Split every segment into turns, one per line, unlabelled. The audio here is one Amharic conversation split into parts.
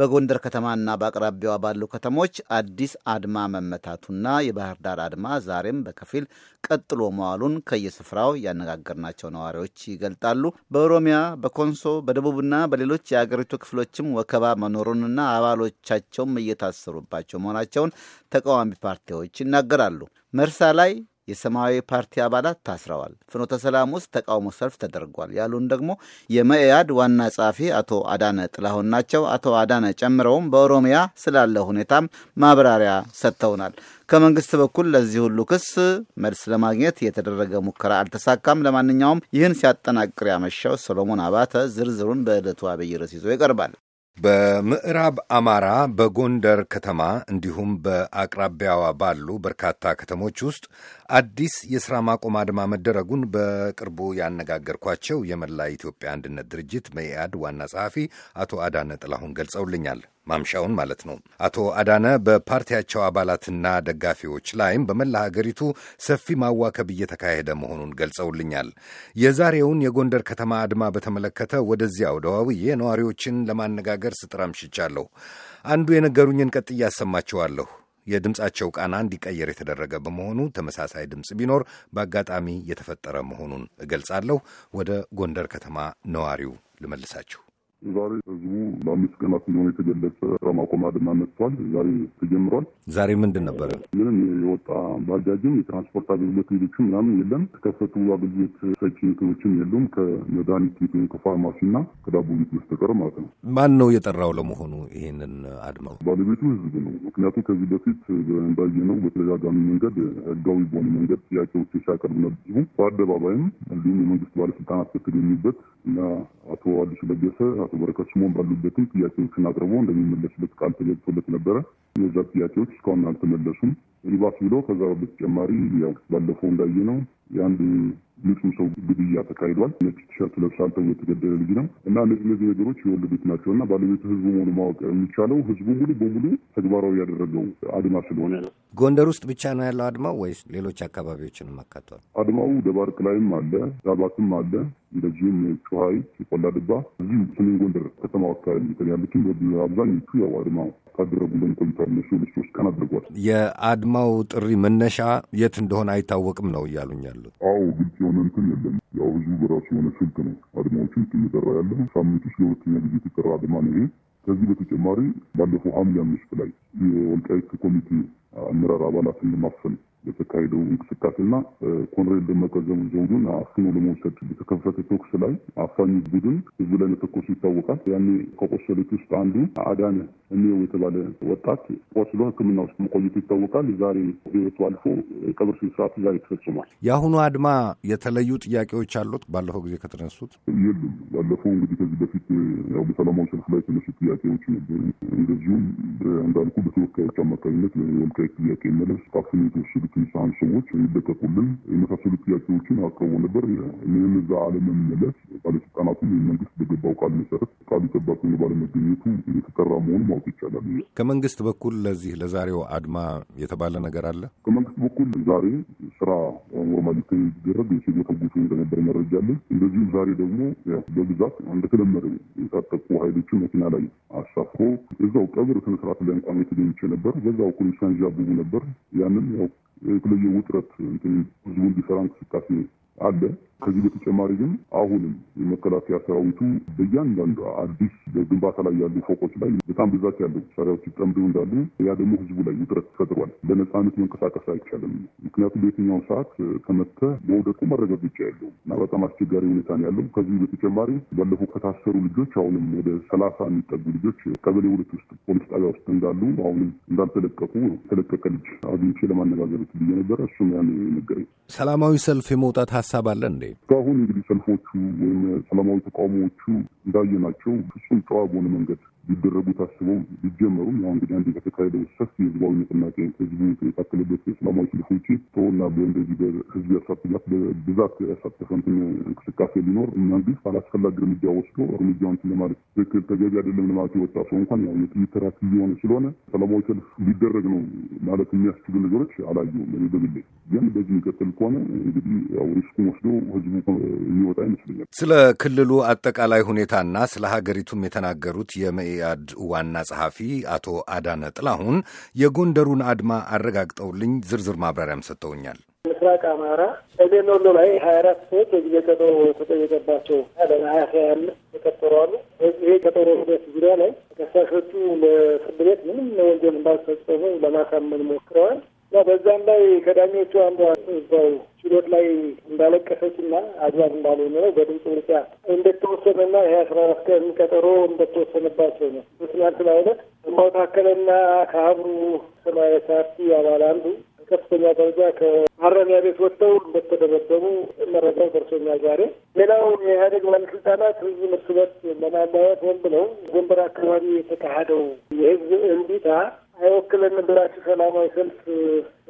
በጎንደር ከተማና በአቅራቢያዋ ባሉ ከተሞች አዲስ አድማ መመታቱና የባህር ዳር አድማ ዛሬም በከፊል ቀጥሎ መዋሉን ከየስፍራው ያነጋገርናቸው ነዋሪዎች ይገልጣሉ። በኦሮሚያ፣ በኮንሶ፣ በደቡብና በሌሎች የአገሪቱ ክፍሎችም ወከባ መኖሩንና አባሎቻቸውም እየታሰሩባቸው መሆናቸውን ተቃዋሚ ፓርቲዎች ይናገራሉ። መርሳ ላይ የሰማያዊ ፓርቲ አባላት ታስረዋል፣ ፍኖተ ሰላም ውስጥ ተቃውሞ ሰልፍ ተደርጓል ያሉን ደግሞ የመኢአድ ዋና ጸሐፊ አቶ አዳነ ጥላሁን ናቸው። አቶ አዳነ ጨምረውም በኦሮሚያ ስላለ ሁኔታም ማብራሪያ ሰጥተውናል። ከመንግስት በኩል ለዚህ ሁሉ ክስ መልስ ለማግኘት የተደረገ ሙከራ አልተሳካም። ለማንኛውም ይህን
ሲያጠናቅር ያመሻው ሰሎሞን አባተ
ዝርዝሩን በዕለቱ አብይ ርዕስ ይዞ ይቀርባል።
በምዕራብ አማራ በጎንደር ከተማ እንዲሁም በአቅራቢያዋ ባሉ በርካታ ከተሞች ውስጥ አዲስ የሥራ ማቆም አድማ መደረጉን በቅርቡ ያነጋገርኳቸው የመላ ኢትዮጵያ አንድነት ድርጅት መኢአድ ዋና ጸሐፊ አቶ አዳነ ጥላሁን ገልጸውልኛል። ማምሻውን ማለት ነው። አቶ አዳነ በፓርቲያቸው አባላትና ደጋፊዎች ላይም በመላ ሀገሪቱ ሰፊ ማዋከብ እየተካሄደ መሆኑን ገልጸውልኛል። የዛሬውን የጎንደር ከተማ አድማ በተመለከተ ወደዚያ ወደ ነዋሪዎችን ለማነጋገር ስጥር አምሽቻለሁ። አንዱ የነገሩኝን ቀጥዬ አሰማችኋለሁ። የድምፃቸው ቃና እንዲቀየር የተደረገ በመሆኑ ተመሳሳይ ድምፅ ቢኖር በአጋጣሚ የተፈጠረ መሆኑን እገልጻለሁ። ወደ ጎንደር ከተማ ነዋሪው ልመልሳችሁ።
ዛሬ ህዝቡ ለአምስት ቀናት እንደሆነ የተገለጸ ስራ ማቆም አድማ መጥቷል። ዛሬ ተጀምሯል። ዛሬ ምንድን ነበረ? ምንም የወጣ ባጃጅም የትራንስፖርት አገልግሎት ቤቶችም ምናምን የለም። ከከፈቱ አገልግሎት ሰጪ እንትኖችም የሉም ከመድኃኒት ቤት ከፋርማሲና ከዳቦ ቤት መስተቀር ማለት ነው። ማን ነው የጠራው ለመሆኑ ይሄንን አድማው? ባለቤቱ ህዝብ ነው። ምክንያቱም ከዚህ በፊት ነው በተደጋጋሚ መንገድ ህጋዊ በሆነ መንገድ ጥያቄዎች ሲያቀርብ ነበር። በአደባባይም እንዲሁም የመንግስት ባለስልጣናት በተገኙበት እና አቶ አዲሱ ለገሰ አቶ በረከት ስምኦን ባሉበትም ጥያቄዎችን አቅርቦ እንደሚመለስበት ቃል ተገብቶለት ነበረ። እነዛ ጥያቄዎች እስካሁን አልተመለሱም። ሪባ ኪሎ ከዛ በተጨማሪ ያው ባለፈው እንዳየ ነው የአንድ ንጹህ ሰው ግድያ ተካሂዷል። ነጭ ቲሸርት ለብሳል ተብሎ የተገደለ ልጅ ነው እና እነዚህ እነዚህ ነገሮች የወለዱት ናቸው እና ባለቤቱ ህዝቡ መሆኑ ማወቅ የሚቻለው ህዝቡ ሙሉ በሙሉ ተግባራዊ ያደረገው አድማ ስለሆነ ነው።
ጎንደር ውስጥ ብቻ ነው ያለው አድማው ወይስ ሌሎች አካባቢዎችንም አካቷል?
አድማው ደባርቅ ላይም አለ፣ ዳባትም አለ፣ እንደዚሁም ጩሀይ፣ ድባ፣ እዚህ ሰሜን ጎንደር ከተማው አካባቢ ያሉትም አብዛኞቹ ያው አድማው ካደረጉ በንቆይታ ሶስት ቀን አድርጓል።
የዓላማው ጥሪ መነሻ የት እንደሆነ አይታወቅም ነው እያሉኝ ያሉት?
አዎ ግልጽ የሆነ እንትን የለም። ያው ህዝቡ በራሱ የሆነ ስልክ ነው አድማዎችን እየጠራ ያለ። ሳምንት ውስጥ ለሁለተኛ ጊዜ የተጠራ አድማ ነው ይሄ። ከዚህ በተጨማሪ ባለፈው ሐምሌ አምስት ላይ የወልቃይት ኮሚቴ አመራር አባላትን ለማፈን የተካሄደው እንቅስቃሴና ኮሎኔል ደመቀ ዞኑን አፍኖ ለመውሰድ የተከፈተ ተኩስ ላይ አፋኝ ቡድን ህዝቡ ላይ መተኮሱ ይታወቃል። ያኔ ከቆሰሉት ውስጥ አንዱ አዳነ እሚየው የተባለ ወጣት ቆስሎ ሕክምና ውስጥ መቆየቱ ይታወቃል። ዛሬ ህይወቱ አልፎ ቀብር ስነ ስርዓቱ ዛሬ ተፈጽሟል። የአሁኑ አድማ
የተለዩ ጥያቄዎች አሉት? ባለፈው
ጊዜ ከተነሱት የሉም። ባለፈው እንግዲህ ከዚህ በፊት ያው በሰላማዊ ሰልፍ ላይ የተነሱ ጥያቄዎች ነበሩ። እንደዚሁም እንዳልኩ በተወካዮች አማካኝነት አስተያየት ጥያቄ መለስ ካፍን የተወሰዱት ንሳን ሰዎች ይለቀቁልን የመሳሰሉ ጥያቄዎችን አቅርቦ ነበር። ይህን እዛ አለመመለስ ባለስልጣናቱም መንግስት በገባው ቃል መሰረት ቃሉ የገባ ባለመገኘቱ የተጠራ መሆኑ ማወቅ ይቻላል።
ከመንግስት በኩል ለዚህ ለዛሬው አድማ የተባለ ነገር አለ።
በኩል ዛሬ ስራ ኖርማሊ ሲደረግ የሴጎ ተጉቶ የተነበረ መረጃ አለን። እንደዚሁም ዛሬ ደግሞ በብዛት እንደተለመደ የታጠቁ ኃይሎችን መኪና ላይ አሳፍሮ እዛው ቀብር ስነስርዓት ላይ እንኳን የተገኝቼ ነበር። በዛው እኩል ሲያንዣብቡ ነበር። ያንን ያው የተለየ ውጥረት ህዝቡ እንዲሰራ እንቅስቃሴ አለ። ከዚህ በተጨማሪ ግን አሁንም የመከላከያ ሰራዊቱ በእያንዳንዱ አዲስ በግንባታ ላይ ያሉ ፎቆች ላይ በጣም ብዛት ያለው መሳሪያዎች ይጠምዱ እንዳሉ፣ ያ ደግሞ ህዝቡ ላይ ውጥረት ፈጥሯል። በነፃነት መንቀሳቀስ አይቻልም። ምክንያቱም በየትኛውን ሰዓት ከመጥተህ መውደቁ መረጋገጫ ያለው እና በጣም አስቸጋሪ ሁኔታ ነው ያለው። ከዚህ በተጨማሪ ባለፈው ከታሰሩ ልጆች አሁንም ወደ ሰላሳ የሚጠጉ ልጆች ቀበሌ ሁለት ውስጥ ፖሊስ ጣቢያ ውስጥ እንዳሉ አሁንም እንዳልተለቀቁ ተለቀቀ ልጅ አግኝቼ ለማነጋገር ብዬ ነበረ። እሱም ያን ነገር
ሰላማዊ ሰልፍ የመውጣት ሀሳብ አለ እንዴ? እስካሁን
እንግዲህ ሰልፎቹ ወይም ሰላማዊ ተቃውሞዎቹ እንዳየናቸው ፍጹም ጨዋ በሆነ መንገድ ሊደረጉ ታስበው ሊጀመሩ ያው እንግዲህ አንድ በተካሄደው ሰፊ ህዝባዊ ንቅናቄ ህዝቡ የታከለበት እስላማዊ ሰልፍ ውጭ ሰውና በእንደዚህ በህዝብ ያሳትጋት በብዛት ያሳተፈን እንቅስቃሴ ቢኖር መንግስት አላስፈላጊ እርምጃ ወስዶ እርምጃውን ለማለት ትክክል ተገቢ አይደለም ለማለት የወጣ ሰው እንኳን ያው የትዊተር አክቲቭ የሆነ ስለሆነ ሰላማዊ ሰልፍ ሊደረግ ነው ማለት የሚያስችሉ ነገሮች አላየሁም። በግሌ ግን በዚህ የሚቀጥል ከሆነ እንግዲህ ያው ሪስኩን ወስዶ ህዝቡ የሚወጣ
ይመስለኛል። ስለ ክልሉ አጠቃላይ ሁኔታና ስለ ሀገሪቱም የተናገሩት የመ የመኢአድ ዋና ጸሐፊ አቶ አዳነ ጥላሁን የጎንደሩን አድማ አረጋግጠውልኝ ዝርዝር ማብራሪያም ሰጥተውኛል።
ምስራቅ አማራ ሰሜን ወሎ ላይ ሀያ አራት ሰዎች የጊዜ ቀጠሮ ተጠየቀባቸው ለሀያ ሀያ አምስት ተቀጠሯሉ። ይሄ ቀጠሮ ሂደት ዙሪያ ላይ ተከሳሾቹ ለፍርድ ቤት ምንም ወንጀል እንዳልፈጸሙ ለማሳመን ሞክረዋል። ነው። በዛም ላይ ከዳኞቹ አንዷ እዛው ችሎት ላይ እንዳለቀሰች እና አግባብ እንዳልሆነ ነው በድምፅ ብልጫ እንደተወሰነና ይህ አስራ አራት ቀን ቀጠሮ እንደተወሰነባቸው ነው። ምክንያት ስለሆነ ግንባው ከአብሩ ከሀብሩ ሰማያዊ ፓርቲ አባል አንዱ ከፍተኛ ደረጃ ከማረሚያ ቤት ወጥተው እንደተደበደቡ መረጃው ደርሶኛል ዛሬ። ሌላው የኢህአዴግ ባለስልጣናት ህዝብ እርስ በርስ ለማለያየት ሆን ብለው ጎንበር አካባቢ የተካሄደው የህዝብ እንቢታ አይወክለን ብላችሁ ሰላማዊ ሰልፍ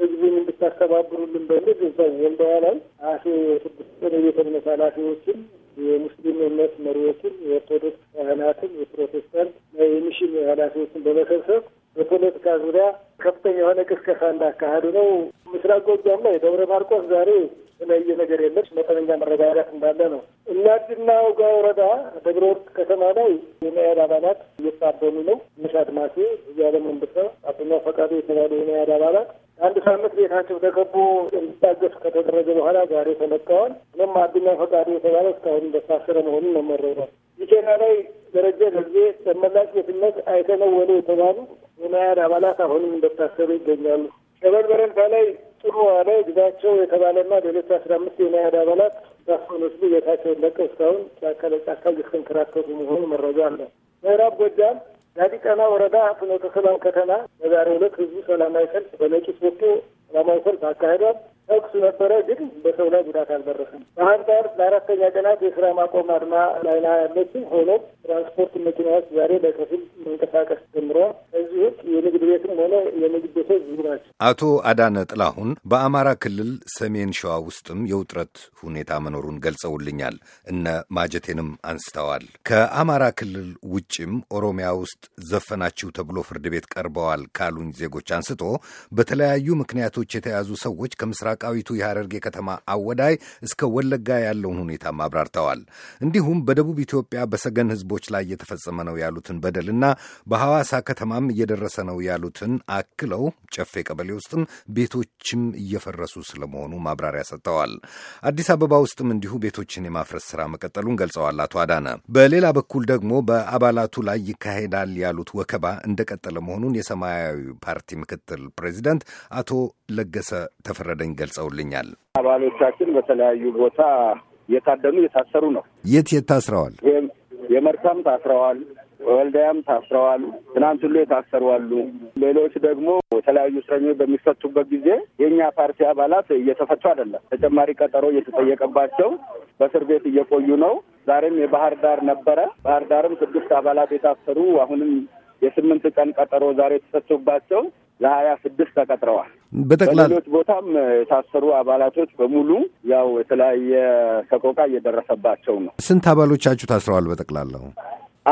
ህዝቡን እንድታስተባብሩልን በሚል እዛው ወልደዋ ላይ አቶ ስድስት የቤተ እምነት ኃላፊዎችን የሙስሊም እምነት መሪዎችን፣ የኦርቶዶክስ ካህናትን፣ የፕሮቴስታንት የሚሽን ኃላፊዎችን በመሰብሰብ በፖለቲካ ዙሪያ ከፍተኛ የሆነ ቅስቀሳ እንዳካሄዱ ነው። ምስራቅ ጎጃም ላይ ደብረ ማርቆስ ዛሬ የተለያየ ነገር የለች መጠነኛ መረጋጋት እንዳለ ነው እናድና ውጋ ወረዳ ደብረ ወርቅ ከተማ ላይ የመያድ አባላት እየታደሙ ነው። ምሽ አድማሴ እያለምን እንብሳ አቶኛ ፈቃዱ የተባሉ የመያድ አባላት አንድ ሳምንት ቤታቸው ተከቦ እንዲታገሱ ከተደረገ በኋላ ዛሬ ተለቀዋል። ምንም አዱኛ ፈቃዱ የተባለ እስካሁን እንደታሰረ መሆኑን መመረሯል። ይቼና ላይ ደረጀ ጊዜ ተመላሽ የትነት አይተነወሉ የተባሉ የመያድ አባላት አሁንም እንደታሰሩ ይገኛሉ። ሸበል በረንታ ላይ ጥሩ ዋለ ግዛቸው የተባለና ሌሎች አስራ አምስት የናያድ አባላት ታፈኑ ሲሉ ቤታቸውን ለቀው እስካሁን ጫካ ለጫካ እየተንከራተቱ መሆኑ መረጃ አለ። ምዕራብ ጎጃም ዳዲቀና ወረዳ ፍኖተ ሰላም ከተማ በዛሬው ዕለት ህዝቡ ሰላማዊ ሰልፍ በነቂስ ወጥቶ ሰላማዊ ሰልፍ አካሂዷል። ተኩሱ ነበረ፣ ግን በሰው ላይ ጉዳት አልደረሰም። ባህር ዳር ለአራተኛ ቀናት የስራ ማቆም አድማ ላይ ያለች ሆኖ ትራንስፖርት መኪናዎች ዛሬ በከፊል መንቀሳቀስ ጀምረዋል። የንግድ ቤትም ሆነ የንግድ ቤቶች ዝግ ናቸው።
አቶ አዳነ ጥላሁን በአማራ ክልል ሰሜን ሸዋ ውስጥም የውጥረት ሁኔታ መኖሩን ገልጸውልኛል። እነ ማጀቴንም አንስተዋል። ከአማራ ክልል ውጭም ኦሮሚያ ውስጥ ዘፈናችሁ ተብሎ ፍርድ ቤት ቀርበዋል ካሉኝ ዜጎች አንስቶ በተለያዩ ምክንያቶች የተያዙ ሰዎች ከምስራቃዊቱ የሐረርጌ ከተማ አወዳይ እስከ ወለጋ ያለውን ሁኔታ አብራርተዋል። እንዲሁም በደቡብ ኢትዮጵያ በሰገን ሕዝቦች ላይ የተፈጸመ ነው ያሉትን በደልና በሐዋሳ ከተማም እየደረሰ ነው ያሉትን አክለው ጨፌ ቀበሌ ውስጥም ቤቶችም እየፈረሱ ስለመሆኑ ማብራሪያ ሰጥተዋል። አዲስ አበባ ውስጥም እንዲሁ ቤቶችን የማፍረስ ስራ መቀጠሉን ገልጸዋል አቶ አዳነ። በሌላ በኩል ደግሞ በአባላቱ ላይ ይካሄዳል ያሉት ወከባ እንደቀጠለ መሆኑን የሰማያዊ ፓርቲ ምክትል ፕሬዚደንት አቶ ለገሰ ተፈረደኝ ገልጸውልኛል።
አባሎቻችን በተለያዩ ቦታ የታደኑ የታሰሩ ነው።
የት የት ታስረዋል?
የመርካም ታስረዋል። ወልዳያም ታስረዋል። ትናንት ሁሉ የታሰሩ አሉ። ሌሎች ደግሞ የተለያዩ እስረኞች በሚፈቱበት ጊዜ የእኛ ፓርቲ አባላት እየተፈቱ አይደለም። ተጨማሪ ቀጠሮ እየተጠየቀባቸው በእስር ቤት እየቆዩ ነው። ዛሬም የባህር ዳር ነበረ። ባህር ዳርም ስድስት አባላት የታሰሩ አሁንም የስምንት ቀን ቀጠሮ ዛሬ የተሰጡባቸው ለሀያ ስድስት ተቀጥረዋል። በሌሎች ቦታም የታሰሩ አባላቶች በሙሉ ያው የተለያየ ሰቆቃ እየደረሰባቸው
ነው። ስንት አባሎቻችሁ ታስረዋል? በጠቅላላው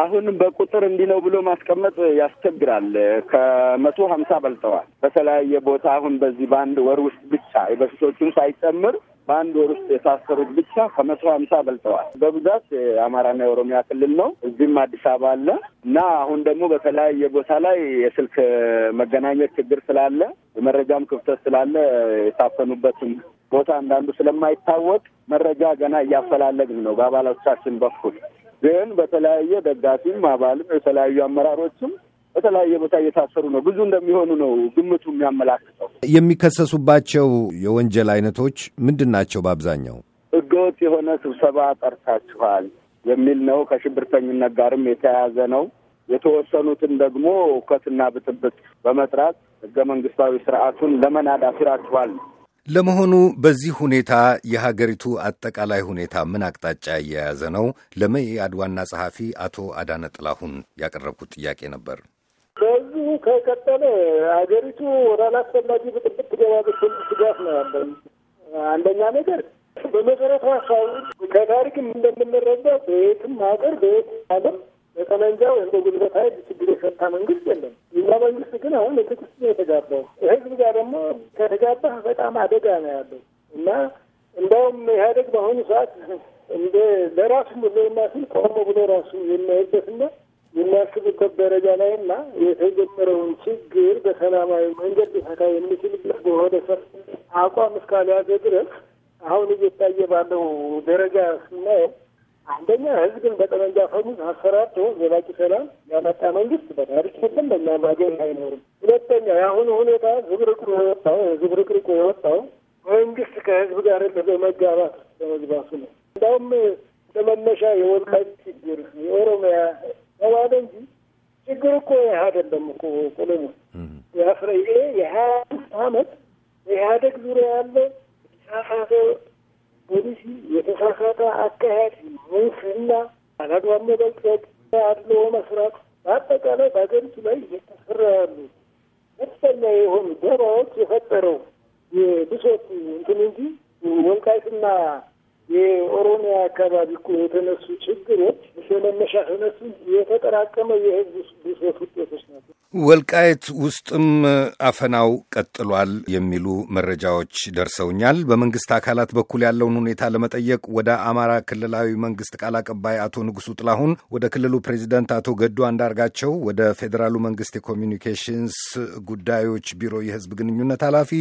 አሁንም በቁጥር እንዲህ ነው ብሎ ማስቀመጥ ያስቸግራል። ከመቶ ሀምሳ በልጠዋል በተለያየ ቦታ አሁን በዚህ በአንድ ወር ውስጥ ብቻ የበሽቶቹን ሳይጨምር በአንድ ወር ውስጥ የታሰሩት ብቻ ከመቶ ሀምሳ በልጠዋል። በብዛት የአማራና የኦሮሚያ ክልል ነው። እዚህም አዲስ አበባ አለ እና አሁን ደግሞ በተለያየ ቦታ ላይ የስልክ መገናኘት ችግር ስላለ የመረጃም ክፍተት ስላለ የታፈኑበትም ቦታ አንዳንዱ ስለማይታወቅ መረጃ ገና እያፈላለግን ነው በአባላቶቻችን በኩል ግን በተለያየ ደጋፊም አባልም የተለያዩ አመራሮችም በተለያየ ቦታ እየታሰሩ ነው። ብዙ እንደሚሆኑ ነው ግምቱ የሚያመላክተው።
የሚከሰሱባቸው የወንጀል አይነቶች ምንድን ናቸው? በአብዛኛው
ህገወጥ የሆነ ስብሰባ ጠርታችኋል የሚል ነው። ከሽብርተኝነት ጋርም የተያያዘ ነው። የተወሰኑትን ደግሞ እውከትና ብጥብጥ በመጥራት ህገ መንግስታዊ ስርዓቱን ለመናድ አሲራችኋል
ለመሆኑ በዚህ ሁኔታ የሀገሪቱ አጠቃላይ ሁኔታ ምን አቅጣጫ እየያዘ ነው? ለመኢአድ ዋና ጸሐፊ አቶ አዳነ ጥላሁን ያቀረብኩት ጥያቄ ነበር።
በዚሁ ከቀጠለ ሀገሪቱ ወደ አላስፈላጊ ብጥብጥ ትገባ ትገባለች ስጋት ነው ያለን። አንደኛ ነገር በመሰረቱ ሀሳቡ ከታሪክ እንደምንረዳ በየትም ሀገር በየት ሀገር በጠመንጃው ወይም በጉልበት ኃይል ችግር የፈታ መንግስት የለም። የኛ መንግስት ግን አሁን የትክስ የተጋባው። ህዝብ ጋር ደግሞ ከተጋባህ በጣም አደጋ ነው ያለው እና እንደውም ኢህአደግ በአሁኑ ሰዓት እንደ ለራሱ ለማስል ቆሞ ብሎ ራሱ የሚያይበትና የሚያስቡበት ደረጃ ላይ እና የተጀመረውን ችግር በሰላማዊ መንገድ ሊፈታ የሚችልበት በሆነ ሰር አቋም እስካልያዘ ድረስ አሁን እየታየ ባለው ደረጃ ስናየው አንደኛ ህዝብን በጠመንጃ ፈሙዝ አሰራቶ ዘላቂ ሰላም ያመጣ መንግስት በታሪክ ስም በእኛም አይኖርም። ሁለተኛ የአሁኑ ሁኔታ ዝብርቅርቁ የወጣው ዝብርቅርቁ የወጣው መንግስት ከህዝብ ጋር በመጋባት በመግባቱ ነው። እንዲሁም ለመነሻ የወልቃይት ችግር የኦሮሚያ ተባለ እንጂ ችግር እኮ አይደለም እኮ ቆሎሞ የአስረ ይሄ የሀያ አምስት አመት በኢህአደግ ዙሪያ ያለ የተሳሳተ ፖሊሲ የተሳሳተ አካሄድ፣ ሙስና፣ አላግባብ መበልጸግ፣ አድልዎ መስራት በአጠቃላይ በአገሪቱ ላይ እየተሰራ ያሉ ከፍተኛ የሆኑ ደባዎች የፈጠረው የብሶት እንትን እንጂ ወልቃይትና የኦሮሚያ አካባቢ እኮ የተነሱ ችግሮች እነሱ የተጠራቀመ የህዝብ ብሶት ውጤቶች ናቸው።
ወልቃየት ውስጥም አፈናው ቀጥሏል የሚሉ መረጃዎች ደርሰውኛል። በመንግስት አካላት በኩል ያለውን ሁኔታ ለመጠየቅ ወደ አማራ ክልላዊ መንግስት ቃል አቀባይ አቶ ንጉሱ ጥላሁን፣ ወደ ክልሉ ፕሬዚደንት አቶ ገዱ አንዳርጋቸው፣ ወደ ፌዴራሉ መንግስት የኮሚኒኬሽንስ ጉዳዮች ቢሮ የህዝብ ግንኙነት ኃላፊ፣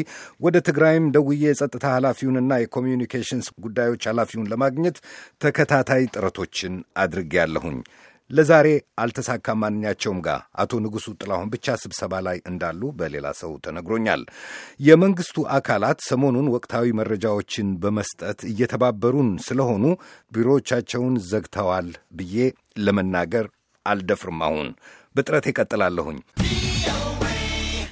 ወደ ትግራይም ደውዬ የጸጥታ ኃላፊውንና የኮሚኒኬሽንስ ጉዳዮች ኃላፊውን ለማግኘት ተከታታይ ጥረቶችን አድርጌያለሁኝ። ለዛሬ አልተሳካ ማንኛቸውም ጋር አቶ ንጉሱ ጥላሁን ብቻ ስብሰባ ላይ እንዳሉ በሌላ ሰው ተነግሮኛል። የመንግስቱ አካላት ሰሞኑን ወቅታዊ መረጃዎችን በመስጠት እየተባበሩን ስለሆኑ ቢሮዎቻቸውን ዘግተዋል ብዬ ለመናገር አልደፍርም። አሁን በጥረት ይቀጥላለሁኝ።